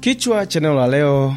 Kichwa cha neno la leo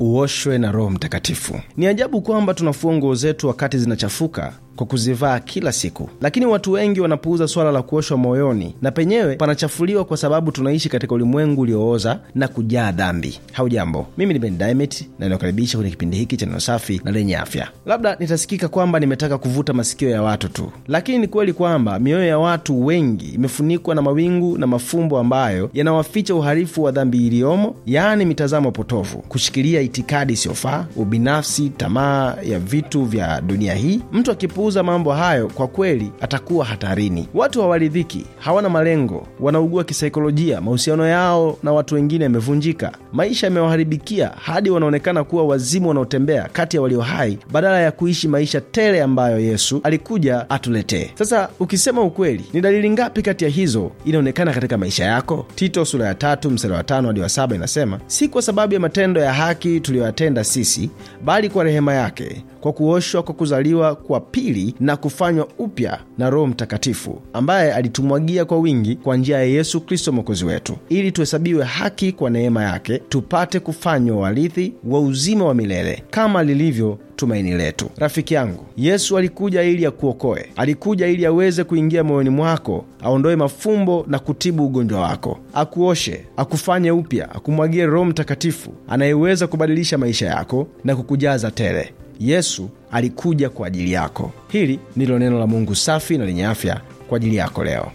uoshwe na Roho Mtakatifu. Ni ajabu kwamba tunafua nguo zetu wakati zinachafuka, kwa kuzivaa kila siku, lakini watu wengi wanapuuza swala la kuoshwa moyoni na penyewe panachafuliwa, kwa sababu tunaishi katika ulimwengu uliooza na kujaa dhambi. Haujambo, mimi ni Ben Diamond na ninakaribisha kwenye kipindi hiki cha neno safi na lenye afya. Labda nitasikika kwamba nimetaka kuvuta masikio ya watu tu, lakini ni kweli kwamba mioyo ya watu wengi imefunikwa na mawingu na mafumbo ambayo yanawaficha uhalifu wa dhambi iliyomo, yaani mitazamo potovu, kushikilia itikadi isiyofaa, ubinafsi, tamaa ya vitu vya dunia hii. Mtu akipuuza kupuuza mambo hayo, kwa kweli atakuwa hatarini. Watu hawaridhiki, hawana malengo, wanaugua kisaikolojia, mahusiano yao na watu wengine yamevunjika, maisha yamewaharibikia hadi wanaonekana kuwa wazimu wanaotembea kati ya walio hai, badala ya kuishi maisha tele ambayo Yesu alikuja atuletee. Sasa ukisema ukweli, ni dalili ngapi kati ya hizo inaonekana katika maisha yako? Tito sura ya tatu mstari wa tano hadi wa saba inasema, si kwa sababu ya matendo ya haki tuliyoyatenda sisi, bali kwa rehema yake, kwa kuoshwa kwa kuzaliwa kwa pili asili na kufanywa upya na Roho Mtakatifu ambaye alitumwagia kwa wingi kwa njia ya Yesu Kristo mwokozi wetu, ili tuhesabiwe haki kwa neema yake, tupate kufanywa warithi wa uzima wa milele kama lilivyo tumaini letu. Rafiki yangu, Yesu alikuja ili akuokoe, alikuja ili aweze kuingia moyoni mwako, aondoe mafumbo na kutibu ugonjwa wako, akuoshe, akufanye upya, akumwagie Roho Mtakatifu anayeweza kubadilisha maisha yako na kukujaza tele. Yesu alikuja kwa ajili yako. Hili ndilo neno la Mungu safi na lenye afya kwa ajili yako leo.